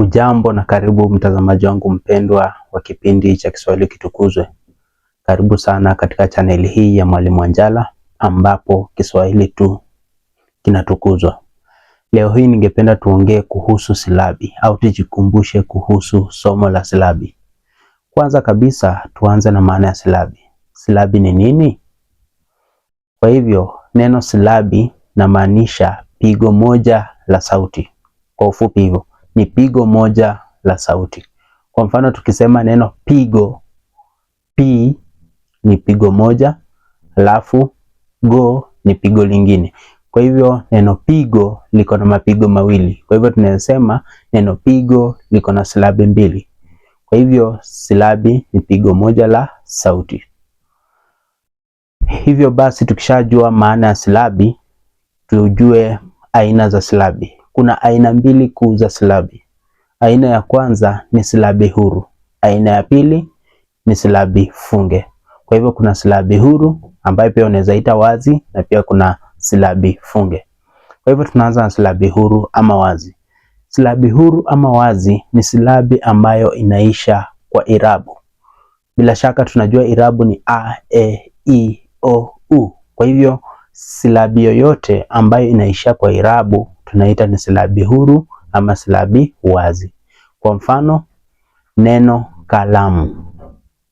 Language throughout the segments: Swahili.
ujambo na karibu mtazamaji wangu mpendwa wa kipindi cha Kiswahili Kitukuzwe. Karibu sana katika chaneli hii ya Mwalimu Anjala ambapo Kiswahili tu kinatukuzwa. Leo hii ningependa tuongee kuhusu silabi au tujikumbushe kuhusu somo la silabi. Kwanza kabisa tuanze na maana ya silabi. Silabi ni nini? Kwa hivyo neno silabi namaanisha pigo moja la sauti, kwa ufupi hivyo ni pigo moja la sauti. Kwa mfano tukisema neno pigo, p ni pigo moja, alafu go ni pigo lingine. Kwa hivyo neno pigo liko na mapigo mawili. Kwa hivyo tunasema neno pigo liko na silabi mbili. Kwa hivyo silabi ni pigo moja la sauti. Hivyo basi tukishajua maana ya silabi, tujue aina za silabi. Kuna aina mbili kuu za silabi. Aina ya kwanza ni silabi huru, aina ya pili ni silabi funge. Kwa hivyo kuna silabi huru ambayo pia unaweza ita wazi na pia kuna silabi funge. Kwa hivyo tunaanza na silabi huru ama wazi. Silabi huru ama wazi ni silabi ambayo inaisha kwa irabu. Bila shaka tunajua irabu ni a, e, i, o, u. Kwa hivyo silabi yoyote ambayo inaisha kwa irabu tunaita ni silabi huru ama silabi wazi. Kwa mfano neno kalamu.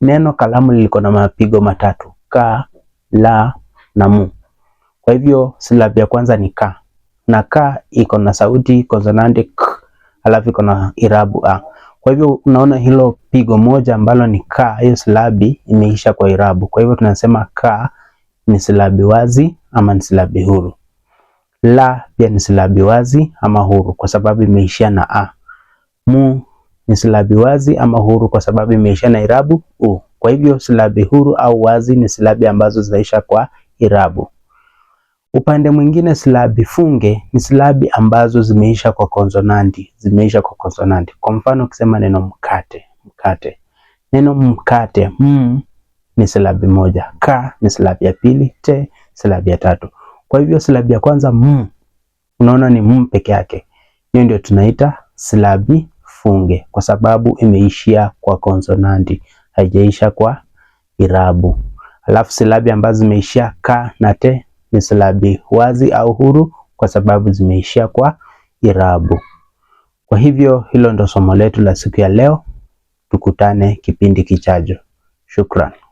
Neno kalamu liko na mapigo matatu ka, la na mu. Kwa hivyo silabi ya kwanza ni ka, na ka iko na sauti konsonanti k, alafu iko na irabu a. Kwa hivyo unaona hilo pigo moja ambalo ni ka, hiyo silabi imeisha kwa irabu. Kwa hivyo tunasema ka ni silabi wazi ama ni silabi huru. La pia ni silabi wazi ama huru kwa sababu imeishia na a. Mu ni silabi wazi ama huru kwa sababu imeishia na irabu u. Kwa hivyo silabi huru au wazi ni silabi ambazo zinaisha kwa irabu. Upande mwingine silabi funge ni silabi ambazo zimeisha kwa konsonanti, zimeisha kwa konsonanti. Kwa mfano ukisema neno mkate, mkate. Neno mkate, m mm, ni silabi moja, ka ni silabi ya pili, te silabi ya tatu. Kwa hivyo silabi ya kwanza m, unaona ni m peke yake, hiyo ndio tunaita silabi funge, kwa sababu imeishia kwa konsonanti, haijaisha kwa irabu. Alafu silabi ambazo zimeishia ka na te ni silabi wazi au huru, kwa sababu zimeishia kwa irabu. Kwa hivyo hilo ndo somo letu la siku ya leo. Tukutane kipindi kichajo. Shukrani.